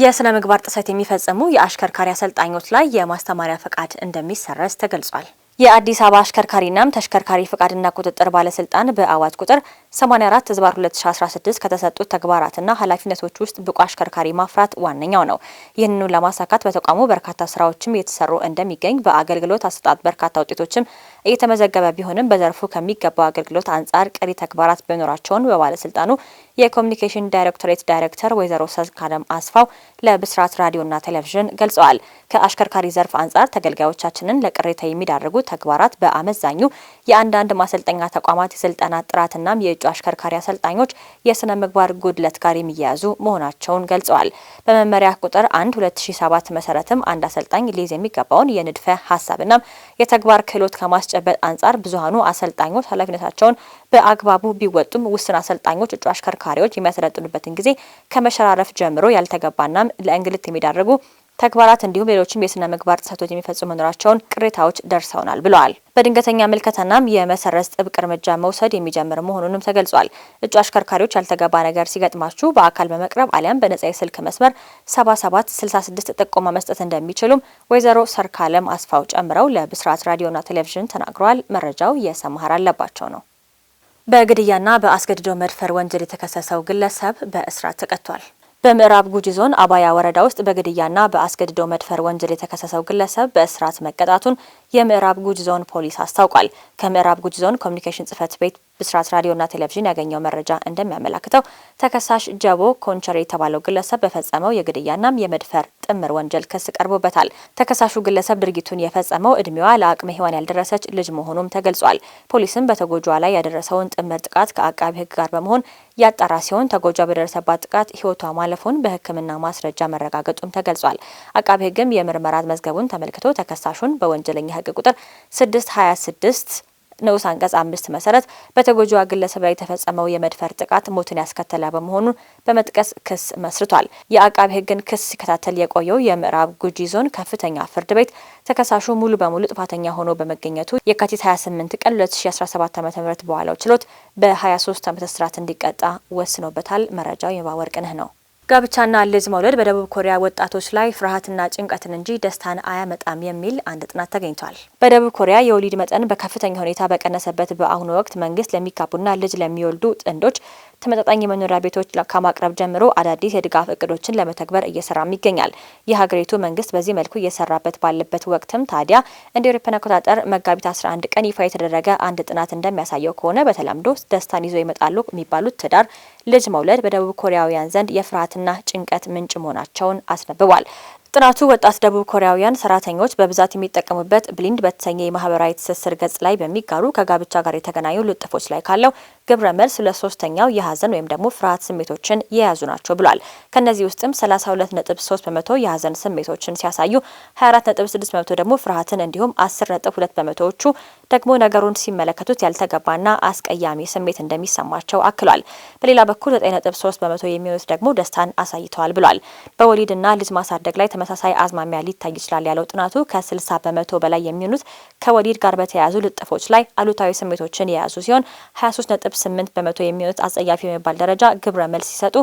የስነ ምግባር ጥሰት የሚፈጽሙ የአሽከርካሪ አሰልጣኞች ላይ የማስተማሪያ ፈቃድ እንደሚሰረዝ ተገልጿል። የአዲስ አበባ አሽከርካሪናም ተሽከርካሪ ፈቃድና ቁጥጥር ባለስልጣን በአዋጅ ቁጥር 84 ዝባር 2016 ከተሰጡት ተግባራትና ኃላፊነቶች ውስጥ ብቁ አሽከርካሪ ማፍራት ዋነኛው ነው። ይህንኑ ለማሳካት በተቋሙ በርካታ ስራዎችም እየተሰሩ እንደሚገኝ፣ በአገልግሎት አሰጣጥ በርካታ ውጤቶችም እየተመዘገበ ቢሆንም በዘርፉ ከሚገባው አገልግሎት አንጻር ቀሪ ተግባራት ቢኖራቸውን በባለስልጣኑ የኮሚኒኬሽን ዳይሬክቶሬት ዳይሬክተር ወይዘሮ ሰካለም አስፋው ለብስራት ራዲዮና ቴሌቪዥን ገልጸዋል። ከአሽከርካሪ ዘርፍ አንጻር ተገልጋዮቻችንን ለቅሬታ የሚዳርጉ ተግባራት በአመዛኙ የአንዳንድ ማሰልጠኛ ተቋማት የስልጠና ጥራትና የእጩ አሽከርካሪ አሰልጣኞች የስነ ምግባር ጉድለት ጋር የሚያያዙ መሆናቸውን ገልጸዋል። በመመሪያ ቁጥር 1 2007 መሰረትም አንድ አሰልጣኝ ሊይዝ የሚገባውን የንድፈ ሀሳብና የተግባር ክህሎት ከማስ ከማስጨበጥ አንጻር ብዙሀኑ አሰልጣኞች ኃላፊነታቸውን በአግባቡ ቢወጡም ውስን አሰልጣኞች እጩ አሽከርካሪዎች የሚያሰለጥኑበትን ጊዜ ከመሸራረፍ ጀምሮ ያልተገባናም ለእንግልት የሚዳርጉ ተግባራት እንዲሁም ሌሎችም የስነ ምግባር ጥሰቶች የሚፈጽሙ መኖራቸውን ቅሬታዎች ደርሰውናል ብለዋል። በድንገተኛ ምልከታናም የመሰረዝ ጥብቅ እርምጃ መውሰድ የሚጀምር መሆኑንም ተገልጿል። እጩ አሽከርካሪዎች ያልተገባ ነገር ሲገጥማችሁ በአካል በመቅረብ አሊያም በነጻ የስልክ መስመር 7766 ጥቆማ መስጠት እንደሚችሉም ወይዘሮ ሰርካለም አስፋው ጨምረው ለብስራት ራዲዮና ቴሌቪዥን ተናግረዋል። መረጃው የሰማሃር አለባቸው ነው። በግድያና በአስገድዶ መድፈር ወንጀል የተከሰሰው ግለሰብ በእስራት ተቀጥቷል። በምዕራብ ጉጂ ዞን አባያ ወረዳ ውስጥ በግድያና በአስገድዶ መድፈር ወንጀል የተከሰሰው ግለሰብ በእስራት መቀጣቱን የምዕራብ ጉጂ ዞን ፖሊስ አስታውቋል። ከምዕራብ ጉጂ ዞን ኮሚኒኬሽን ጽፈት ቤት ብስራት ራዲዮና ቴሌቪዥን ያገኘው መረጃ እንደሚያመላክተው ተከሳሽ ጀቦ ኮንቸር የተባለው ግለሰብ በፈጸመው የግድያናም የመድፈር ጥምር ወንጀል ክስ ቀርቦበታል። ተከሳሹ ግለሰብ ድርጊቱን የፈጸመው እድሜዋ ለአቅመ ሔዋን ያልደረሰች ልጅ መሆኑም ተገልጿል። ፖሊስም በተጎጇ ላይ ያደረሰውን ጥምር ጥቃት ከአቃቢ ሕግ ጋር በመሆን ያጣራ ሲሆን ተጎጇ በደረሰባት ጥቃት ሕይወቷ ማለፉን በሕክምና ማስረጃ መረጋገጡም ተገልጿል። አቃቢ ሕግም የምርመራት መዝገቡን ተመልክቶ ተከሳሹን በወንጀለኛ ሕግ ቁጥር 626 ንዑስ አንቀጽ አምስት መሰረት በተጎጂዋ ግለሰብ ላይ የተፈጸመው የመድፈር ጥቃት ሞትን ያስከተለ በመሆኑ በመጥቀስ ክስ መስርቷል። የአቃቤ ሕግን ክስ ሲከታተል የቆየው የምዕራብ ጉጂ ዞን ከፍተኛ ፍርድ ቤት ተከሳሹ ሙሉ በሙሉ ጥፋተኛ ሆኖ በመገኘቱ የካቲት 28 ቀን 2017 ዓ ም በኋላው ችሎት በ23 ዓመት እስራት እንዲቀጣ ወስኖበታል። መረጃው ነህ ነው። ጋብቻና ልጅ መውለድ በደቡብ ኮሪያ ወጣቶች ላይ ፍርሃትና ጭንቀትን እንጂ ደስታን አያመጣም የሚል አንድ ጥናት ተገኝቷል። በደቡብ ኮሪያ የወሊድ መጠን በከፍተኛ ሁኔታ በቀነሰበት በአሁኑ ወቅት መንግስት ለሚጋቡና ልጅ ለሚወልዱ ጥንዶች ተመጣጣኝ የመኖሪያ ቤቶች ከማቅረብ ጀምሮ አዳዲስ የድጋፍ እቅዶችን ለመተግበር እየሰራም ይገኛል። የሀገሪቱ መንግስት በዚህ መልኩ እየሰራበት ባለበት ወቅትም ታዲያ እንደ ኤሮፓን አቆጣጠር መጋቢት 11 ቀን ይፋ የተደረገ አንድ ጥናት እንደሚያሳየው ከሆነ በተለምዶ ደስታን ይዞ ይመጣሉ የሚባሉት ትዳር፣ ልጅ መውለድ በደቡብ ኮሪያውያን ዘንድ የፍርሃትና ጭንቀት ምንጭ መሆናቸውን አስነብቧል። ጥናቱ ወጣት ደቡብ ኮሪያውያን ሰራተኞች በብዛት የሚጠቀሙበት ብሊንድ በተሰኘ የማህበራዊ ትስስር ገጽ ላይ በሚጋሩ ከጋብቻ ጋር የተገናኙ ልጥፎች ላይ ካለው ግብረ መልስ ለሶስተኛው የሀዘን ወይም ደግሞ ፍርሃት ስሜቶችን የያዙ ናቸው ብሏል። ከእነዚህ ውስጥም 32.3 በመቶ የሀዘን ስሜቶችን ሲያሳዩ፣ 24.6 በመቶ ደግሞ ፍርሃትን፣ እንዲሁም 10.2 በመቶዎቹ ደግሞ ነገሩን ሲመለከቱት ያልተገባና አስቀያሚ ስሜት እንደሚሰማቸው አክሏል። በሌላ በኩል 9.3 በመቶ የሚሆኑት ደግሞ ደስታን አሳይተዋል ብሏል። በወሊድና ልጅ ማሳደግ ላይ ተመሳሳይ አዝማሚያ ሊታይ ይችላል ያለው ጥናቱ ከ ከ60 በመቶ በላይ የሚሆኑት ከወሊድ ጋር በተያያዙ ልጥፎች ላይ አሉታዊ ስሜቶችን የያዙ ሲሆን 23.8 በመቶ የሚሆኑት አጸያፊ የሚባል ደረጃ ግብረ መልስ ሲሰጡ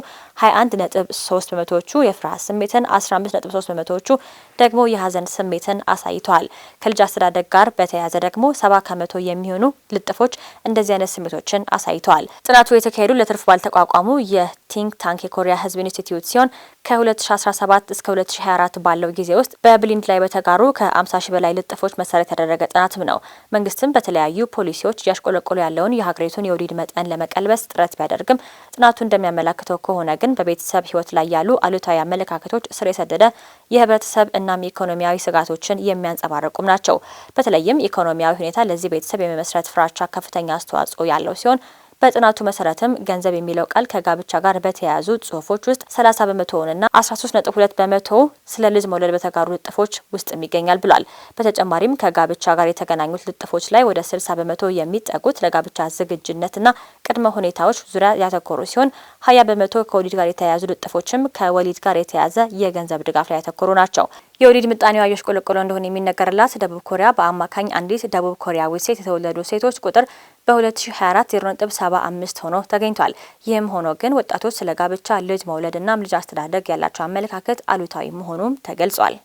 21.3 በመቶዎቹ የፍርሃት ስሜትን፣ 15.3 በመቶዎቹ ደግሞ የሀዘን ስሜትን አሳይተዋል። ከልጅ አስተዳደግ ጋር በተያያዘ ደግሞ ሰባ ከመቶ የሚሆኑ ልጥፎች እንደዚህ አይነት ስሜቶችን አሳይተዋል። ጥናቱ የተካሄዱ ለትርፍ ባልተቋቋሙ የቲንክ ታንክ የኮሪያ ህዝብ ኢንስቲትዩት ሲሆን ከ2017 እስከ 2024 ወራት ባለው ጊዜ ውስጥ በብሊንድ ላይ በተጋሩ ከ50 ሺህ በላይ ልጥፎች መሰረት ያደረገ ጥናትም ነው። መንግስትም በተለያዩ ፖሊሲዎች እያሽቆለቆሉ ያለውን የሀገሪቱን የወሊድ መጠን ለመቀልበስ ጥረት ቢያደርግም ጥናቱ እንደሚያመላክተው ከሆነ ግን በቤተሰብ ህይወት ላይ ያሉ አሉታዊ አመለካከቶች ስር የሰደደ የህብረተሰብ እናም ኢኮኖሚያዊ ስጋቶችን የሚያንጸባርቁም ናቸው። በተለይም ኢኮኖሚያዊ ሁኔታ ለዚህ ቤተሰብ የመመስረት ፍራቻ ከፍተኛ አስተዋጽኦ ያለው ሲሆን በጥናቱ መሰረትም ገንዘብ የሚለው ቃል ከጋብቻ ጋር በተያያዙ ጽሁፎች ውስጥ 30 በመቶውንና 13.2 በመቶ ስለ ልጅ መውለድ በተጋሩ ልጥፎች ውስጥም ይገኛል ብሏል። በተጨማሪም ከጋብቻ ጋር የተገናኙት ልጥፎች ላይ ወደ 60 በመቶ የሚጠጉት ለጋብቻ ዝግጅነትና ቅድመ ሁኔታዎች ዙሪያ ያተኮሩ ሲሆን 20 በመቶ ከወሊድ ጋር የተያያዙ ልጥፎችም ከወሊድ ጋር የተያያዘ የገንዘብ ድጋፍ ላይ ያተኮሩ ናቸው። የወሊድ ምጣኔዋ እያሽቆለቆለ እንደሆነ የሚነገርላት ደቡብ ኮሪያ በአማካኝ አንዲት ደቡብ ኮሪያዊ ሴት የተወለዱ ሴቶች ቁጥር በ2024 0.75 ሆኖ ተገኝቷል። ይህም ሆኖ ግን ወጣቶች ስለ ጋብቻ ልጅ መውለድና ልጅ አስተዳደግ ያላቸው አመለካከት አሉታዊ መሆኑም ተገልጿል።